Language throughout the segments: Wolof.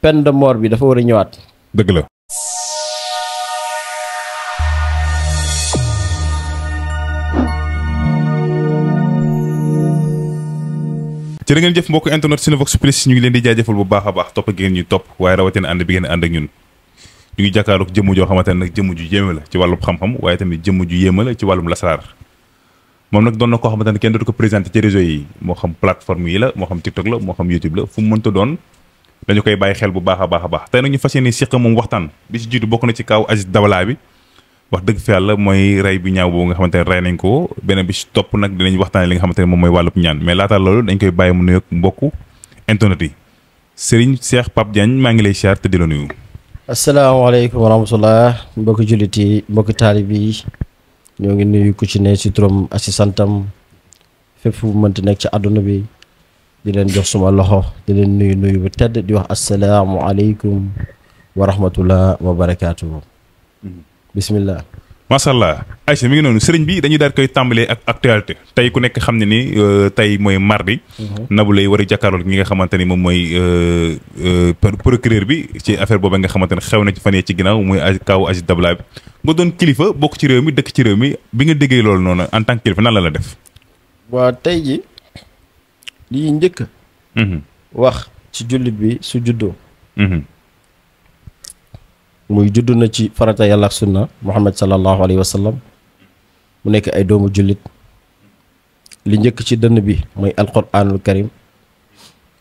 pen de mort bi dafa wara ñëwaat. deug la. jërë ngeen jëf mbokk internet Cinevox Plus ñu ngi leen di jaajëfal bu baaxa baax top gi ngeen ñuy topp waaye rawatina ànd bi ngeen and ak ñun. ñu ngi jakkaru jëmm joo xamante ne nag jëmm ju yéeme la ci walu xam-xam waye tamit jëmm ju yéeme la ci walu lasar mom nak don na ko xamantene kenn ko presenter ci réseau yi mo xam plateforme yi la mo xam TikTok la mo xam YouTube la fu mu ta don dañu koy baye xel bu baax a baax tay nañu tey sikh mom waxtan bi ci jiddu bokku na ci kaw Aziz dawla bi wax deug fi yalla moy ray bi ñaaw bo nga xamantene ray nañ ko benen bi ci top nak dinañ waxtane li nga xamantene mom moy mooy ñaan mais laata lolu dañ koy baye mu nuyu mbokku internet yi Serigne Cheikh pap Diagne ma ngi lay xiar te di la nuyu. assalamu alaykum wa rahmatullah mbokki juliti yi talibi ñoo ngi nuyu ku ci ne ci turum assistantam si santam fépp fu mu mënti ci aduna bi. di leen jox suma loxo di leen nuyu nuyu bu tedd di wax asalaamualeykum wa rahmatullah wa barakaatu. bismillah. macha allah Aïcha mi ngi noonu sëriñ bi dañuy daal koy tàmbalee ak actualité tey ku nekk xam ne ni tey mooy mardi. Nabou Leye war a jàkkaarloog ñi nga xamante ni moom mooy procureur bi ci affaire boobu nga xamante ne xew na ci fan yee ci ginnaaw muy kawu Aziz Dabala bi nga doon kilifa bokk ci réew mi dëkk ci réew mi bi nga déggee loolu noonu en tant que kilifa nan la la def. waa tey ji lii njëkk mhm. wax ci jullit bi su juddoo mhm. muy judd na ci farata yàlla ak sunna muhammad sallallahu alayhi wa mu nekk ay doomu jullit li njëkk ci dënn bi mooy alquraanul karim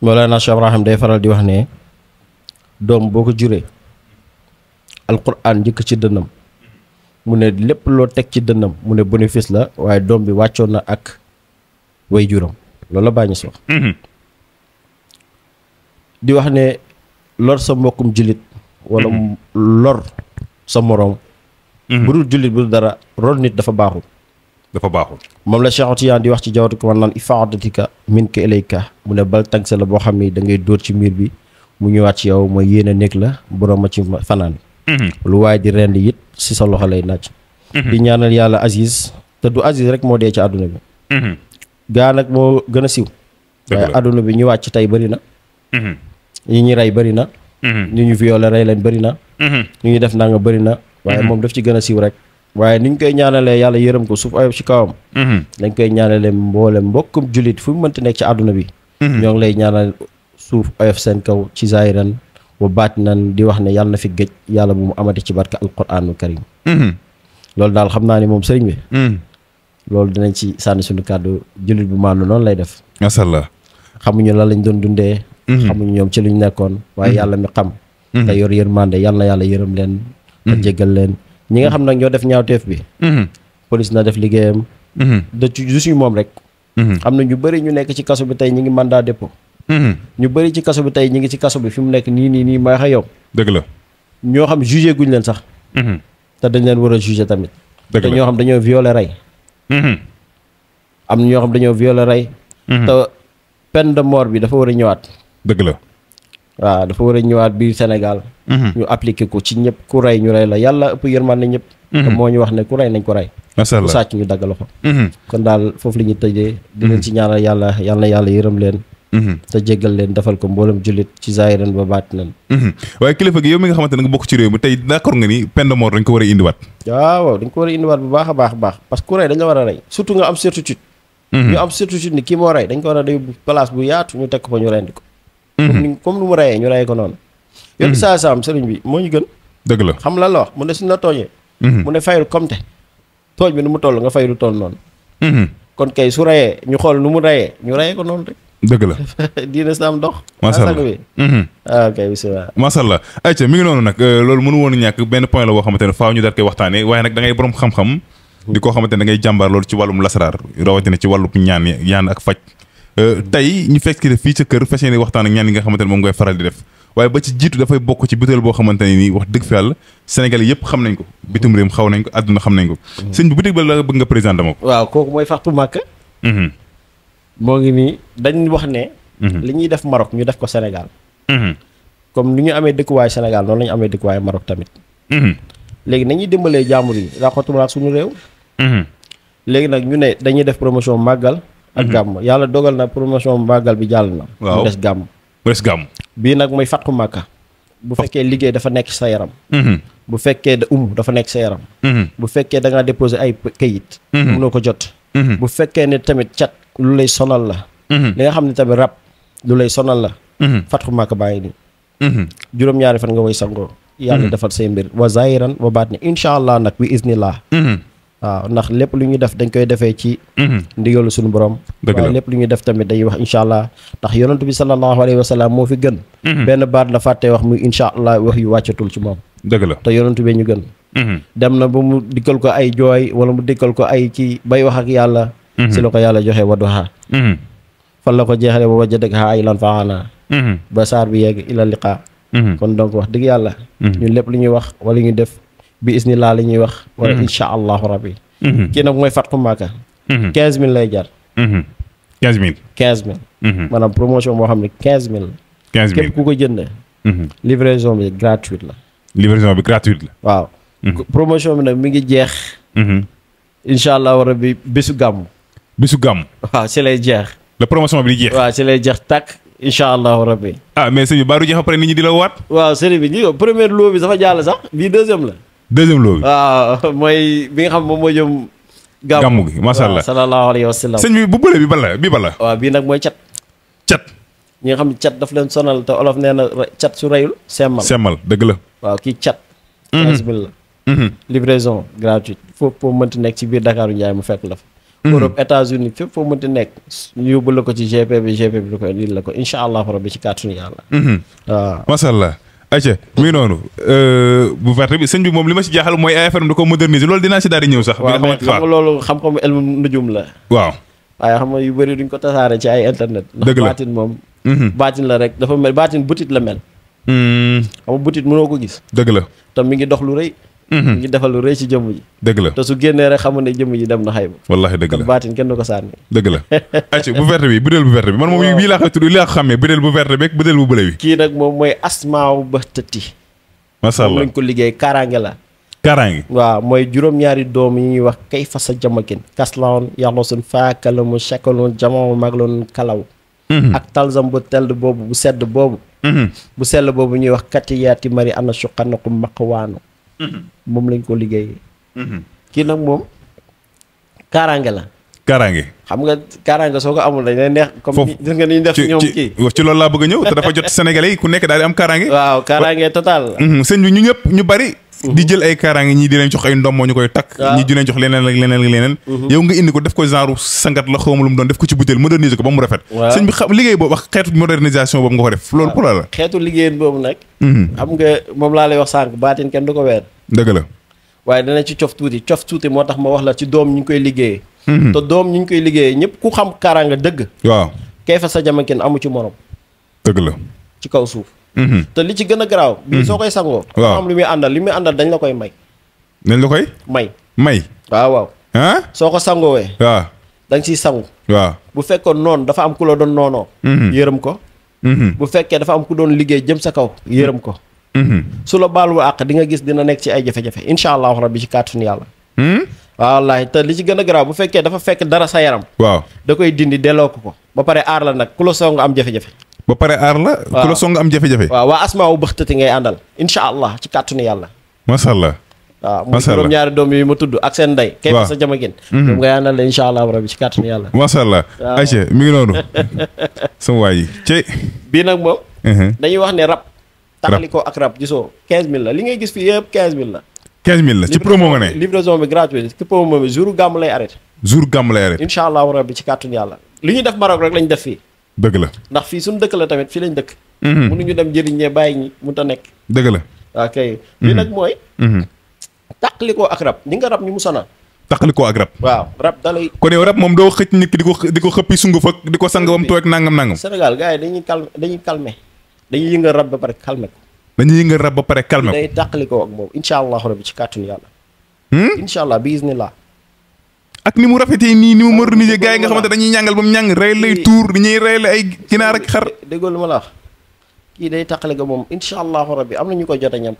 Mawlana Cheikh Ibrahim day faral di wax ne doom boo ko juree alquraan njëkk ci dënnam mu ne lépp loo teg ci dënnam mu ne bénéfice la waaye doom bi wàccoon na ak way juram loolu la bàyyi ñu si wax mhm. di wax ne lor sa mbokkum jullit wala mhm. lor sa moroom mhm. bu dul jullit bu dul dara rol nit dafa baaxul dafa baaxul moom la Cheikh Otiyaan di wax ci jawatu ko man naan ifaadatika min ka ilayka mu ne bal tagse la boo xam ni dangay ngay dóor ci miir bi mu ñëwaat ci yow mooy yéen a nekk la borom a ci fanaan lu waaye di rend it si sa loxo lay naaj di ñaanal yàlla Aziz te du Aziz rek moo dee ci àdduna bi gaa nag moo gën a siiw. waaye adduna bi ñu wàcc tey bëri na. Mm-hmm. ñi ñu rey bëri na. Mm-hmm. ñu ñu violé rey leen bëri na. Mm-hmm. ñu ñu def naa nga bëri na. waaye moom daf ci gën a siw rek. waaye ni ñu koy ñaanalee yàlla yërëm ko suuf ayob ci kawam. dañ koy ñaanalee mboolem mbokkum jullit fu mu mënti nekk ci àdduna bi. ñoo ngi lay ñaanal suuf ayof seen kaw ci zaahiran wa baatinan di wax ne yàlla na fi géej yàlla bu mu amati ci barka alquraanu karim. loolu daal xam naa ne loolu dinañ ci sànni suñu kàddu jullit bu maandu noonu lay def. macha allah xamuñu lan lañ doon dundee. Mhm. xamuñu ñoom ci lu ñu nekkoon. waaye mhm. yàlla mi xam. Mhm. te yor yërmande yal na yàlla yërëm leen. te jéggal leen ñi nga xam nag ñoo def ñaawteef bi. police na def liggéeyam. dëcc du suñu moom rek. xam na ñu bari ñu nekk ci kaso bi tey ñu ngi mandat dépôt. ñu bari ci kaso bi tey ñu ngi ci kaso bi fi mu nekk nii nii nii may xa yow. dëgg la ñoo xam jugé guñ leen sax. te dañ leen war a tamit. ñoo xam dañoo violé rey. Mm-hmm. am na ñoo xam dañoo violer rey. Mm-hmm. te peine de mort bi dafa war a ñëwaat. dëgg la. waaw dafa war a ñëwaat biir Sénégal. Mm-hmm. ñu appliqué ko ci ñëpp ku rey ñu rey la yàlla ëpp yërmande ñëpp. te moo ñu wax ne ku rey nañ ko rey. macha allah ku sàcc ñu dagg loxo. kon daal foofu la tëjee. di ci ñaanal yàlla yàlla yërëm leen. Mm-hmm. te jéggal leen defal ko mboolem jullit ci zaahiran ba baat nan mm-hmm. waaye kilifa gi yow mi nga xamante ne nga bokk ci réew mi tey d'accord nga ni peine dañ ko war a indiwaat waaw dañ ko war a indiwaat bu baax a baax baax parce ku rey dañ la war a rey surtout nga am certitude mm-hmm. ñu kii moo rey dañ ko war a yóbbu place bu yaatu ñu teg ko fa ñu rendi ko comme nu mu reyee ñu reyee ko noonu yow saa saam sëriñ bi moo ñu gën dëgg la xam lan wax mu ne suñu dëgg la diine islaam dox. macha allah bi. Mhm. ah ngi noonu nag euh, loolu mënu woon ñàkk benn point la boo xamante ne faaw ñu daal koy waxtaanee waaye nag da ngay borom xam-xam. di koo xamante ne da ngay jàmbaar loolu ci wàllum lasaraar rawatina ci wàllum ñaan ñaan ak faj. Euh, tey ñu fekk fii ca kër fas yéene waxtaan ak ñaan nga xamante ne moom ngay faral di def waaye ba ci jiitu dafay bokk ci butéel boo xamante ne nii wax dëgg fi yàlla Sénégal xam nañ ko bitim réew xaw nañ ko àdduna xam nañ ko mm. sëñ bi butéel ba la bëgg nga présenté ma ko waaw kooku mooy moo ngi nii dañ wax ne. Mhm. li ñuy def Maroc ñu def ko Sénégal. Mhm. comme ni ñu amee dëkkuwaay Sénégal noonu la ñu amee dëkkuwaay Maroc tamit. Mhm. léegi nañuy dimbalee jàmbur yi raxatuma ak suñu réew. léegi nag ñu ne dañuy def promotion màggal. ak gàmm yàlla dogal na promotion màggal bi jàll na. waaw mu des gàmm. bii nag mooy fàttu màkka. bu fekkee liggéey dafa nekk sa yaram. bu fekkee da um dafa nekk sa yaram. bu fekkee da ngaa ay kayit. mënoo ko jot. bu fekkee ne tamit lu lay sonal la. Mhm. li nga xam tabe rap lu lay sonal la. fatkhu màkk baa ni nii. Mhm. ñaari fan nga way sango yalla mhm. defal say mbir wa zahiran wa batni inshallah nak bi iznillah. waaw ndax lepp lu ñu def dañ koy defé ci. yollu suñu borom. lepp lu ñu def tamit day wax inshallah allah ndax bi sallallahu alayhi wa sallam fi gën. ben baat la faté wax mu inshallah wax yu waccatul ci mom deug la te yaronte bi ñu gën. dem na bu mu ko ay joy wala mu dikkal ko ay ci bay wax ak yàlla. Mm-hmm. si la ko yàlla joxe wadduha mm-hmm. fan la ko jeexale ba wajja dëgg xaa ay lan faaxanaa mm-hmm. ba saar bi yegg ila liqaa kon donc wax dëgg yàlla ñun lépp lu ñuy wax wala ñu def bi isni laa la ñuy wax wala insha allahu rabbi kii nag mooy fatxu Màkka quinze mille lay jar quinze mille ne quinze mille la képp ku ko jënd livraison bi gratuite la livraison bi gratuite la waaw promotion bi nag mi ngi jeex insha allahu rabbi bésu gàmmu bisu gam wa si lay jeex. la promotion bi di jeex. waaw si lay jeex tàkk. incha rabbi. ah mais sëñ bi baaru jeex après nit ñi di la waat. waaw sëriñ bi ñu première loo bi dafa jall sax bi deuxième la. deuxième loo bi. waaw mooy bi nga xam moom moo jëm. gàmmu gi sha allah sallallahu alayhi wa sallam. sëñ bi bu bele bi bala bi bala. wa bi nak moy chat chat ñi nga xam chat daf leen sonal te olof nee chat su reyul. semmal semmal deug la. waaw kii cat. bismillah. Mhm. Mhm. livraison gratuite. foofu pour mënti nek ci biir Dakar Ndiaye mu fekk la fa. Mm-hmm. Europe États-Unis fépp foo mënti nekk yóbbu la ko ci GP bi GP bi lu koy lii la ko incha allah rabbi ci kàttanu yàlla mm-hmm. waaw macha allah ayca mi ngi noonu euh, bu verte bi sëñ bi moom li ma si jaaxal mooy ay affaire du ko moderniser loolu dinaa si daal di ñëw sax bi nga xamante xam nga xam elmu nujum la waaw waaye xam nga yu bëri duñ ko tasaare ci ay internet ndax baatin moom mm-hmm. baatin la rek dafa mel baatin butit la mel xam nga butit mënoo ko gis dëgg la tam mi ngi dox lu Mhm. ngi defal lu reey ci jëm ji dëgg la te su génnee rek xamul ne jëm ji dem na xayma wallahi dëgg la kon baatin kenn du ko sànni dëgg la acci bu verte bi budeel bu verte bi man moom bii laa koy tudd laa ko xàmmee budeel bu verte beeg budeel bu bële wi kii nag moom mooy asmaaw ba tëtti macha allah lañ ko liggéey kaaraange la kaaraange waaw mooy juróom-ñaari doom yi ñuy wax kay fa sa jamakin kaslaon yaxlosun faakalamu shakalu jamaw magloon kalaw mhm. ak talzam bu teld boobu bu sedd boobu mhm. bu sell boobu ñuy wax katiyaati mari ana shuqanakum maqwaanu Mm-hmm. moom lañ koo liggéey mm-hmm. kii nag moom kaaraange la kaaraange xam nga kaaraange soo ko amul dañ lay neex comme gis nga ni ñu def ñoom kii ci loolu laa bëgg a ñëw te dafa jot sénégalais yi ku nekk daal di am kaaraange waaw kaaraange total mm-hmm. sëñ bi ñu ñëpp ñu bari Mhm. di jël ay kaaraange ñii di leen jox ay ndommoo ñu koy takk ñii di leen jox leneen ak leneen leneen mhm. yow nga indi ko def ko genre sangat la xawma lu mu doon def ko ci butéel moderniser ko ba mu rafet sëñ bi xam liggéey boobu wax xeetu mhm. lay wax sànq baatin kenn du ko weer dëgg la waaye dana ci cof tuuti cof tuuti moo tax ma wax la ci doom ñu ngi koy liggéeyee te doom ñu ngi koy liggéeyee ñëpp ku xam kaaraanga dëgg waaw kay fa sa jamakin amu ci morom dëgg la ci kaw suuf Mm-hmm. te li ci gëna graw mm-hmm. bi so koy sago am lu mi andal li muy àndal dañ la koy may. dañ la koy. may may. waaw waaw. hein soo ko sangoowee. waaw da nga sangu. wa bu fekkon non dafa am ku la don nono mm-hmm. yërëm ko. bu fekke dafa am ku don liggey jëm sa kaw yërëm ko. su la balu ak di nga gis dina nek ci ay jafé jafé inshallah rabbi ci yalla yàlla. Hmm? wallaahi te li ci gëna graw bu fekke dafa fekk dara sa yaram. waaw da koy dindi delo ko ba pare ar la nak ku la song am jafé jafé ba pare aar la. waaw ku la song am jafe-jafe. waaw waa asmaa wu bëxtati ngay àndal incha allah ci kàttanu yàlla. macha allah. waaw muy juróom ñaari doom yi ma tudd ak seen ndey. waaw kay fa sa jama gën. moom mhm. ngay àndal la incha allah rabi ci kàttanu yàlla. macha allah. waaw ayca mi ngi noonu. Mhm. wax ne rab. ko ak rab gisoo li ngay gis fii ne. livraison bi gratuite ci promo bi jour gàmm ci kàttanu yàlla. li ñuy def Maroc rek lañ def fii dëgg la ndax fii suñu dëkk la tamit fii lañ dëkk mënuñu mhm. dem jëriñ ñee bàyyi ñi mun ta nekk dëgg la waaw kay li mhm. nag mooy mhm. tàqalikoo ak rab ni nga rab ñu mu sonal tàqalikoo ak rab waaw rab dalay kon yow rab moom doo xëcc nit ki di ko di ko xëppi sunguf ak di ko sang bam toog nangam nangam Sénégal gars yi dañuy calme dañuy calme dañuy yëngal rab ba pare calme ko dañuy yëngal rab ba pare kalme ko day tàqalikoo ak moom incha allah rabbi ci kàttun yàlla hmm? incha allah bi iznillah ak ni mu rafetee ni ni mu modernisé gars yi nga xamanté dañuy ñangal bu mu ñàng rey lay tour ni ñuy ray lay ay ginaar ak xar déggoo ma la wax ki day takalé ga mom insha rabbi amna ñu ko ñam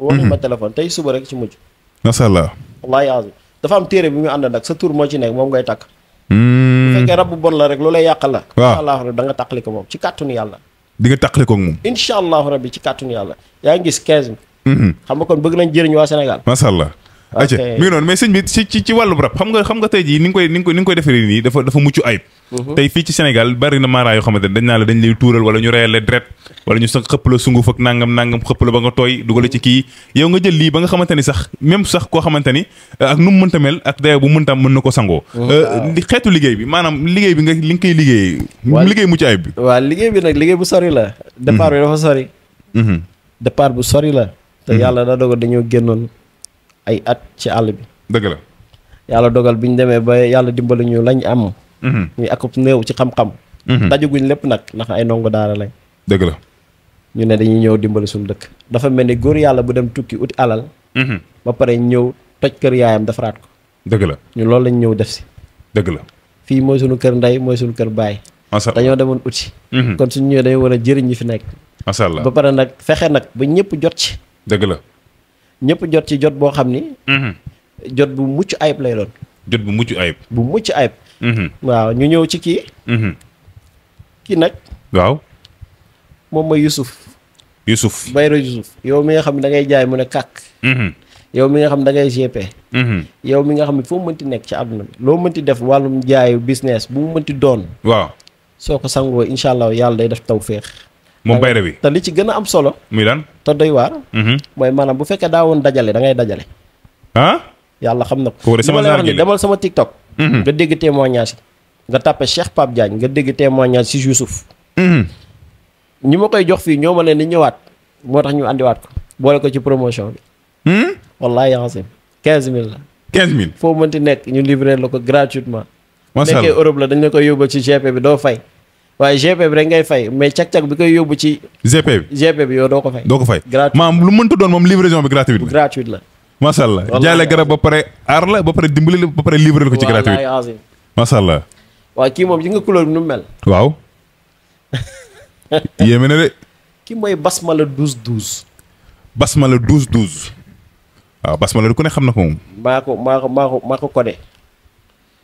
ma mhm. téléphone tay suba rek ci mujj masha allah wallaahi azim dafa am téré bi mu and nak sa tour mo ci nek mom ngay tak hmm fekkee rab bu bon la rek lolay yakala inshallah da nga takalé ko mom ci katun yalla di nga takalé ko rabbi ci katun yalla ya nga gis 15 mhm. xam nga kon bëgg nañ jërëñ wa Sénégal ok mi ngi noonu mais sëñ bi ci wàllu rab xam nga xam nga tey jii ni nga koy ni nga koy ni nga koy defaree nii dafa dafa mucc ayib. Mhm. tey fii ci Sénégal bari na mara dañ naa la dañ lay tuural wala ñu reyal la deret wala ñu sa xëpp la sunguf ak nangam nangam xëpp la ba nga tooy dugale ci kii yow nga jël lii ba nga xamante ni sax même sax koo xamante ni ak nu mu mënta mel ak dayo bu mënta mën na ko sangoo mhm. euh, xeetu liggéey bi maanaam liggéey bi nga li nga koy liggéey liggéey mucc ayib bi waaw liggéey bi nag liggéey la mhm. départ bi dafa sori bu sori la te yàlla daa dogal dañoo génnoon ay at ci àll bi. dëgg la. yàlla dogal bi ñu demee ba yàlla dimbali ñu lañ am. ñuy mhm. akub néew ci xam-xam. Mhm. dajaguñ lépp nag ndax ay ndongo daara lañ. dëgg la. ñu ne dañuy ñëw dimbali suñu dëkk. dafa mel ni góor yàlla bu dem tukki uti alal. Mhm. ba pare ñëw toj kër yaayam defaraat ko. dëgg la ñu loolu lañ ñëw def si. dëgg la fii mooy suñu kër ndey mooy suñu kër baay. macha allah dañoo demoon uti. kon suñu ñëwee dañoo war a jëriñ ñi fi nekk. macha allah ba pare nag fexe nag ba ñëpp jot ci. dëgg la ñépp jot ci jot boo xam ni. Mhm. jot bu mucc ayib lay doon. jot bu mucc ayib. bu mucc ayib. Mhm. waaw ñu ñëw ci kii. Mhm. kii nag. waaw. moom mooy Youssouf. Youssouf Bayro Youssouf. yow mi nga xam ne da ngay jaay mu ne kàkk. yow mi nga xam dangay ngay GP. yow mi nga xam ne foo mënti nekk ci àdduna bi. loo mënti def wàllum jaayu business bu mu mënti doon. waaw soo ko sangoo incha allah yàlla day def taw féex. mo bayre bi tan li ci gëna am solo. muy lan to doy war hmm moy manam bu fekke da won dajale da ngay dajale. han ah? yalla xamna na ko. sama zargi demal sama TikTok. hmm nga dégg témoignage nga tapé Cheikh pap Diagne nga dégg témoignage ci yusuf hmm ñi ma koy jox fi ñoma leen ni ñëwaat motax ñu andi waat ko boole ko ci promotion bi. hmm wallahi yancim quinze mille la. quinze mille foo mënti nekk ñu livré la ko gratuitement. macha allah nekkee Europe la dañ la koy yóbbal ci GP bi doo fay. waaye GP bi rek ngay fay mais cag-cag bi koy yóbbu ci. GP bi bi yow doo ko fay. doo ko fay gratuit maam lu mënta doon moom livraison bi gratuite la. gratuite la. macha allah jaay garab ba pare aar la ba pare dimbali la ba pare livré ko ci gratuite. waaw macha allah. waaw kii moom ji nga couleur bi nu mel. waaw. yéeme na de. kii mooy basmala 12 12. basmala 12 12. waaw basmala du ko ne xam na ko moom. maa ko maa ko maa ko maa ko codé.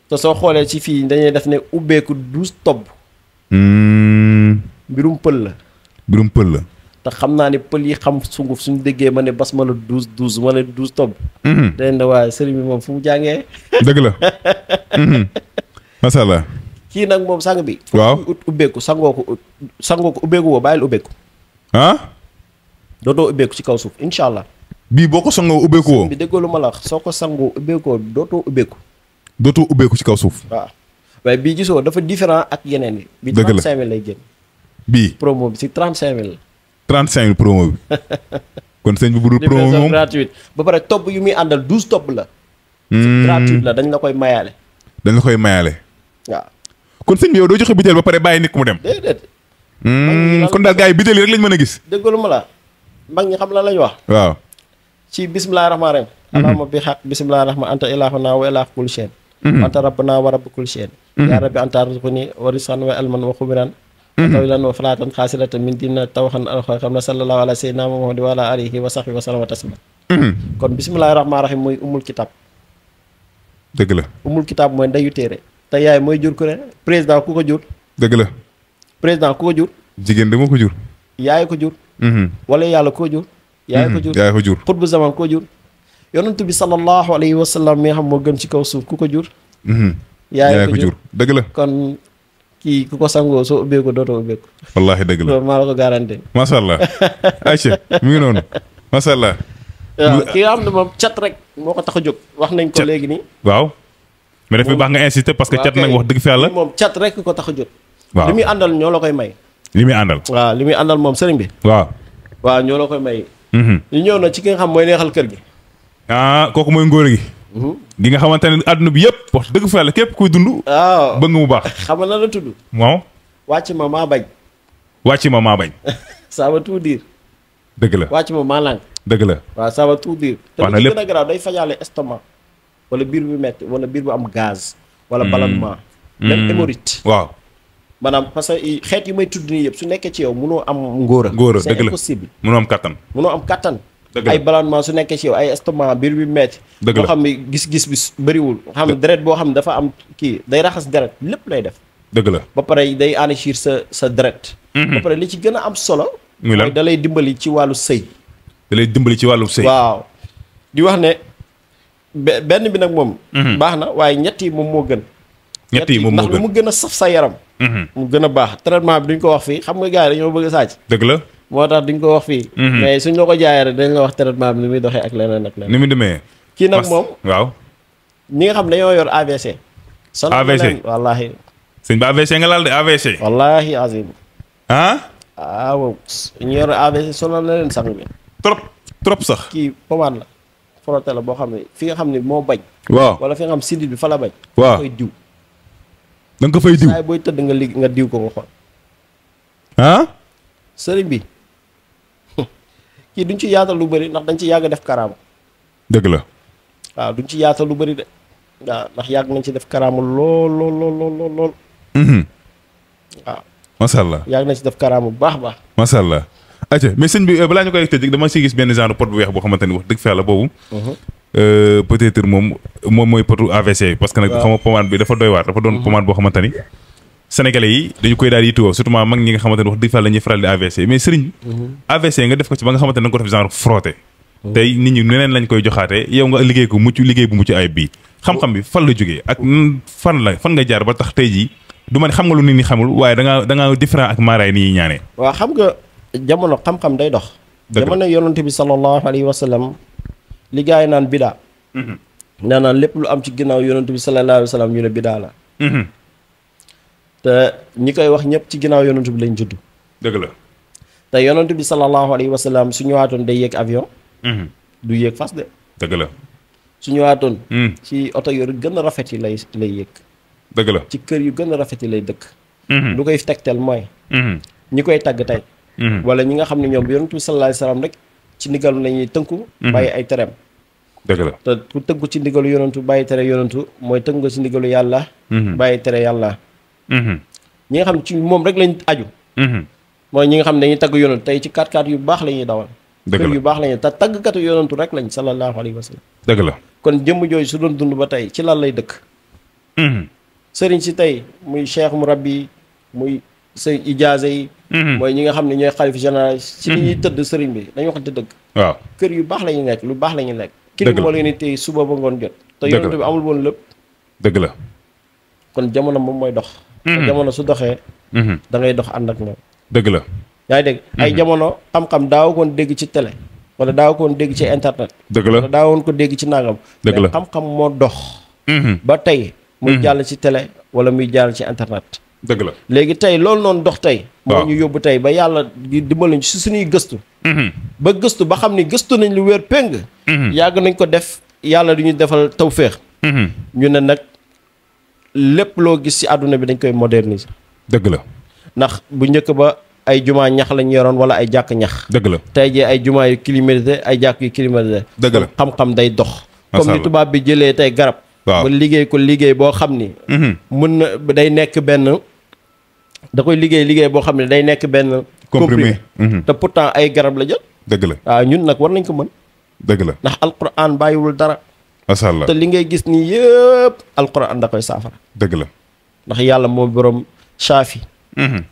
te soo xoolee ci fii dañuy def ne ubbeeku 12 tobb. Hmm. mbirum pël la. mbirum pël la. te xam naa ni pël yi xam sunguf suñu déggee ma ne bas ma la douze douze ma ne douze tob. Hmm. dañ ne waaye sëriñ bi moom fu mu jàngee. dëgg la. Hmm. macha kii nag moom sang bi. waaw ut ubbeeku sangoo ko sangoo ko ubbeeku woo bàyyil ubbeeku. ah. dootoo ubbeeku ci kaw suuf incha allah. bii boo ko sangoo ubbeeku woo. bi déggoo lu ma la soo ko sangoo ubbeeku woo dootoo ubbeeku. dootoo ubbeeku ci kaw suuf. waaw. waaye bii gisoo dafa différent ak yeneen yi. bi bii 35000 lay génn. bii promo bi si 35000. 35000 promo bi. kon sëñ bi budul promo moom gratuite ba pare topp yu muy àndal 12 topp la. si hmm. gratuite la dañ la koy mayaale. dañ la koy mayaale. waaw. kon sëñ bi yow doo joxe butéel ba pare bàyyi nit ku mu dem. déedéet. Hmm, kon daal gars yi butéel yi rek lañ mën a gis. déggalu ma la mag ñi xam la lañ wax. waaw. ci bisimilah rahmaani rahiim. Hmm. alaama bi xaq bisimilah anta ilaahu naa wa ilaah kulli shay'in Mm-hmm. anta mm-hmm. rabbana wa a kulli shay'in yaa rabbi anta arzuqni wa rizqan mm-hmm. wa ilman wa xubiran wa tawilan wa falaatan xaasiratan min dina tawaxan xam na sallallahu ala sayyidina muhammad wa ala alihi wa sahbihi wa sallam wa taslima kon bismillahi rahmani rahim mooy umul kitab dëgg la umul kitab mooy ndeyu téere te yaay mooy jur ku ne président ku ko jur dëgg la président ku ko jur jigéen dama ko jur yaay ko jur wala yàlla ko jur yaay ko jur yonentou bi sallallahu alayhi wa sallam mi xam mo gën ci kaw suuf ku ko jur. yaay ko jur deug la kon kii ku ko ubbe ko doto ubbe ko wallahi deug la ma la ko garanté. allah Aïcha mi ngi ma sha allah. Ya, ki am na mom chat rek moko ko jog wax nañ ko legui ni waw mais daf bi baax nga insister eh, parce que chat nak wax deug fi yàlla. mom chat rek ko jog limi andal ño la koy may. limi andal waaw bi. waaw. waaw ño la koy may. ñu ñëw na ci nga xam moy neexal kër gi. Ah, kooku mooy ngóor gi. gi mhm. nga xamante ne àdduna bi yëpp wax dëgg fa képp kuy dund. waaw ah. bëgg mu baax. xam nga lan la tudd. waaw. wàcc ma maa bañ. wàcc ma maa bañ. ça veut tout dëgg la wàcc ma maa làng. dëgg la waaw ça veut tout dire. wax gën a garaaw day fajale estomac. wala biir bu mett wala biir bu am gaz. wala mm. ballonnement. même mm. hémorroïde. waaw. maanaam parce que xeet yi may tudd nii yëpp su nekkee ci yow munoo am ngóora. ngóora dëgg la c'est impossible. munoo am kattan munoo am kattan. ay ballonnement su nekkee ci yow ay estomac biir bi metti boo xam ne gis-gis bi bariwul xam ne deret boo xam ne dafa am kii day raxas deret lépp lay def dëgg la ba pare day enrichir sa sa deret mhm. ba li ci gën a am solo mooy da lay dimbali ci wàllu sëy da dimbali ci wàllu sëy waaw di wax ne benn bi nag moom mhm. baax na waaye ñett yi moom moo gën ñett yi moom moo gën ndax mu gën a saf sa yaram mhm. mu gën a baax traitement bi duñ ko wax fii xam nga gars yi dañoo bëgg a la moo tax duñ ko wax fii. Mhm. mais suñ la ko jaaya rek dañ la wax traitement bi ni muy doxee ak leneen ak leneen. ni muy demee. kii nag moom waaw. ñi nga xam dañoo yor AVC. sonn AVC wallaahi. sëñ nga laal de AVC. wallaahi azim. ah. ah wow ñu yor AVC sonal leen sang bi. trop trop sax. kii pomade la. frotté la boo xam ne fi nga xam ne moo bañ. waaw wala fi nga xam sidit bi fa la bañ. waa koy diw. da ko fay diw booy tëdd nga ligg nga diw ko nga xool. ah. sëriñ bi. kii duñ ci yaatal lu bëri ndax dañ ci yàgg def karaama. dëgg la. waaw duñ ci yaatal lu bëri de waaw ndax yàgg nañ ci def karaama lool lool lool lool lool. Mhm. waaw. macha allah yàgg nañ ci def karaama bu baax a baax. macha allah. atia mais bi euh, balaa ñu koy tëj dama si gis benn genre pot bu weex boo xamante ni wax dëgg fa yàlla boobu. Mhm. Euh, peut-être moom moom mooy potu AVC. parce que nag xam nga pommade bi dafa doy waar dafa doon mhm. pommade boo xamante sénégalais yi dañu koy daal di yittewoo surtout mag ñi nga xamante ne wax dëgg fa la ñuy faral di AVC mais sëriñ AVC nga def ko ci ba nga xamante ne nga ko def genre frotté tey nit ñi neneen lañ koy joxaatee yow nga liggéey ko mucc liggéey bu mucc ay bi xam-xam bi fan la jógee ak fan la fan nga jaar ba tax tey jii du ma ne xam nga lu nit ñi xamul waaye dangaa dangaa différent ak maaraay ni ñuy ñaanee waaw xam nga jamono xam-xam day dox jamono yonante bi sallallahu alayhi wa sallam li gars naan bidaa mhm. nee naan lépp lu am ci ginnaaw yonante bi sallallahu alayhi wa sallam ñu te ñi koy wax ñëpp ci ginnaaw yonent bi lañ judd dëgg la te yonent bi sallallahu alayhi wa sallam suñu waton day yek avion mhm. du yek fas de dëgg la waton hmm ci auto yu gëna rafet yi lay lay yek dëgg la ci kër yu gëna a rafet yi lay dëkk mhm. lu koy moy hmm ñi koy tay hmm wala ñi nga xamni ñom ñoom sallallahu alayhi wa sallam rek ci ndigalu lañuy tënku mhm. baye ay terem dëgg la te ku tënku ci ndigalu yonentu baye tere yonentu moy tënku ci ndigalu yalla baye tere hmm Mm-hmm. ñi nga xam ci moom rek lañ aju. Mm-hmm. mooy ñi nga xam ne dañuy tagg yonent tey ci 4 x yu baax la ñuy dawal. dëgg yu baax la ñuy te taggkatu rek lañ sallallahu alayhi wa sallam. dëgg la kon jëmm jooju su doon dund ba tey ci lan lay dëkk. Mm-hmm. sëriñ si tey muy cheikh mu rabbi muy say ijaaza yi. mooy ñi nga xam ne ñooy xalif général ci li ñuy tëdd sëriñ bi dañu waxante dëgg. kër yu baax la ñuy nekk lu baax la ñuy nekk. dëgg la kii moo leen di tey suba ba ngoon jot. te yonent bi amul woon lëpp dëgg la kon jamono moom mooy dox. Mhm. jamono su doxee mhm. da ngay dox ànd ak moom dëgg la yaa ngi dégg mhm. ay jamono xam-xam daaw koon dégg ci tele wala daaw koon dégg ci internet dëgg la wala daawoon ko dégg ci nangam dëgg la xam-xam moo dox ba tey muy jàll ci télé wala muy jàll ci internet dëgg la léegi tey loolu noonu dox tey moo ñu yóbbu tey ba yàlla di dimbali ci suñuy gëstu ba gëstu ba xam ni gëstu nañ lu wér péng yàgg nañ ko def yàlla du ñu defal tawféex ñu ne nag lepp lo gis ci aduna bi dañ koy moderniser. deug la nax bu ñëk ba ay juma ñax lañ yoron wala ay jakk ñax. deug la tay jii ay juma yu climatisé ay jakk yu climatisé. deug la xam-xam day dox. comme ni tuba bi jëlé tay garab. ba liggéey ko liggéey bo xamni mhm. mën na day nekk ben da koy liggéey liggéey bo xamni day nekk ben comprimé mhm. te pourtant ay garab la jël. deug la ah ñun nak war nañ ko mën. deug la nax alquran bayiwul dara macha te li ngay gis ni yeb alquran da koy safar deug la ndax yalla mo borom shafi hmm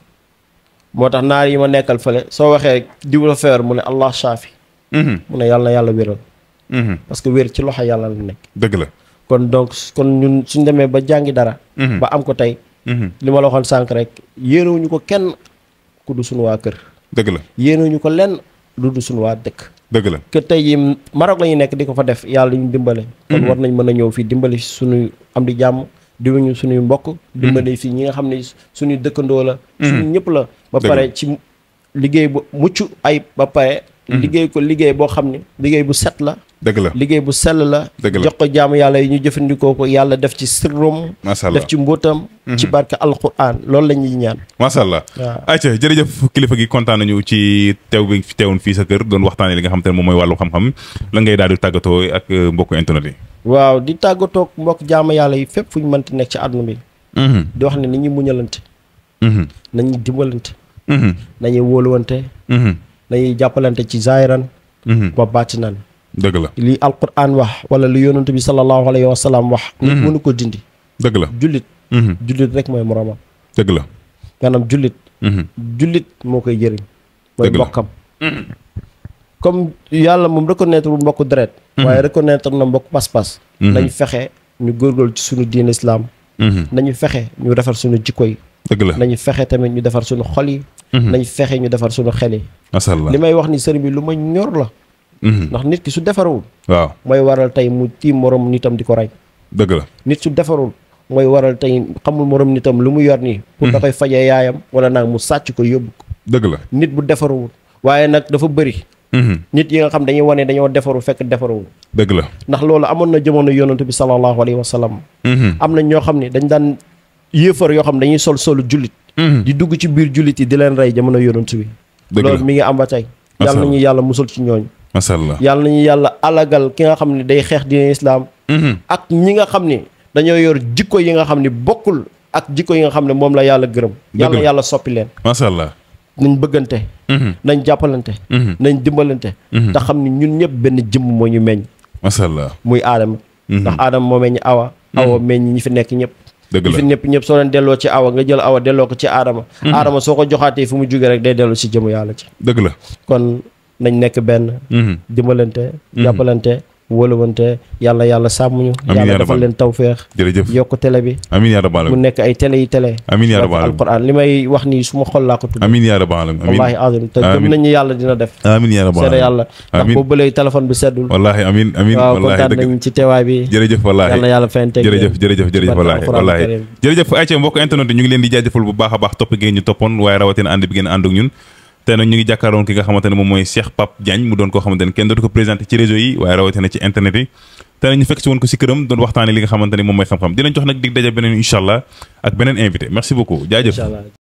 motax nar yi ma nekkal fele so waxe diw la feebar allah shafi hmm mune yalla yalla yàlla hmm parce que wér ci loxo yalla la nek deug la kon donc kon ñun suñu demee ba jangi dara. Mhm. ba am ko tay hmm lima la waxon sank rek ñuko kenn ku du wa kër. deug la ñuko lenn du du wa dekk dëgg la tey jii Maroc la nekk di ko fa def yàlla ñu dimbale. kon mm-hmm. war nañ mën a ñëw fii dimbali si suñu am di jàmm dimbali suñuy mbokk. dimbale fii mm-hmm. ñi nga xam ne suñu dëkkandoo la. Mm-hmm. suñu ñëpp la. ba pare ci liggéey bu mucc ay ba pare Mm-hmm. liggéey ko liggéey boo xam ne liggéey bu set la dëgg la liggéey bu sell la jox ko jaamu yàlla yi ñu jëfandikoo ko yàlla def ci sirrum macha allah def ci mbóotam mm-hmm. ci barke alquran loolu la ñuy ñaan macha allah waaw ayca jërëjëf kilifa gi kontaan nañu ci teew bi teewoon fii sa kër doon waxtaanee li nga xam te ne moom mooy wàllu xam-xam la ngay daal di tàggatoo ak euh, mbokku internet yi waaw di tàggatoo mbokk jaamu yàlla yi fépp fu ñu mënti nekk ci àdduna bi mm-hmm. di wax ne nañuy muñalante nañuy dimbalante nañuy wóoluwante dañuy jàppalante ci zaahiran mhm. ba baatinan dëgg la li alquran wax wala li yonent bi sallallahu alayhi wa sallam wax mhm. nit mënu ko dindi dëgg la jullit mhm. jullit rek mooy moroomam dëgg la maanaam jullit jullit moo koy jëriñ mooy mbokkam comme yàlla moom reconnaître bu mbokku deret waaye reconnaître na mbokk pas-pas nañ fexe ñu góor góorgóorlu ci suñu diin islam nañu fexe ñu defar suñu jikko yi dëgg la nañu fexe tamit ñu defar suñu xol yi. Mhm. nañ fexe ñu defar suñu xel yi. macha allah may wax ni sëriñ bi lu ma ñor la. Mhm. ndax nit ki su defarul. mooy waral tey mu tiim morom nitam di ko rey. dëgg la nit su defarul mooy waral tey xamul morom nitam lu mu yor nii. pour mhm. da fajee yaayam wala naag mu sàcc ko yóbbu dëgg la nit bu defaruwul waaye nag dafa bëri. nit yi nga xam dañuy wane dañoo defaru fekk defaruwul. dëgg la ndax loolu amoon na jamono yonent bi sallallahu alayhi wa sallam. am na ñoo xam ne dañ daan yéefar yoo xam ne dañuy sol solu jullit mhm. di dugg ci biir jullit yi di leen rey jamono yonent bi loolu mi ngi am ba tey yàlla nañu yàlla musal ci ñooñu macha allah yàlla nañu yàlla alagal ki nga xam ne day xeex diine islaam mhm. ak ñi nga xam ne dañoo yor jikko yi nga xam ne bokkul ak jikko yi nga xam ne moom la yàlla gërëm yàlla yàlla soppi leen macha allah nañ bëggante mhm. nañ jàppalante nañ dimbalante te xam ne ñun ñëpp benn jëmm moo ñu meññ macha allah muy aadama ndax aadama moo meññ awa awa meññ ñi fi nekk ñëpp dëgg la fi ñëpp ñëpp soo leen delloo ci awa nga jël awa delloo ko ci aadama mm-hmm. aadama soo ko joxaatee fu mu jógee rek day dellu si jëmu yàlla ci dëgg la kon nañ nekk benn mm-hmm. dimbalante mm-hmm. jàppalante wóolawante yàlla yàlla sàmmuñu yàlla defal leen tawféex jërëjëf yokk télé bi mu nekk ay télé yi télé amiin li may wax nii su ma xol laa ko tudd amiin yaa rabbal amiin wallaahi azim te gëm nañu yàlla dina def amiin yaa rabbal seede yàlla ndax boobu léegi téléphone bi seddul wallaahi amiin amiin waaw kontaan nañ ci teewaay bi jërëjëf wallaahi jërëjëf jërëjëf jërëjëf wallaahi wallaahi jërëjëf ay internet ñu ngi leen di jaajëfal bu baax a baax topp ngeen ñu toppoon waaye rawatina ànd bi ngeen ànd ak ñun tey nag ñu ngi jàkkaaroon ki nga xamante ne moom mooy Cheikh Pape Diagne mu doon koo xamante ne kenn dootu ko présenté ci réseau yi waaye rawatina ci internet yi tey nag ñu fekk si woon ko si këram doon waxtaane li nga xamante moom mooy xam-xam dinañ jox nag dig daje beneen incha allah ak beneen invité merci beaucoup jaajëf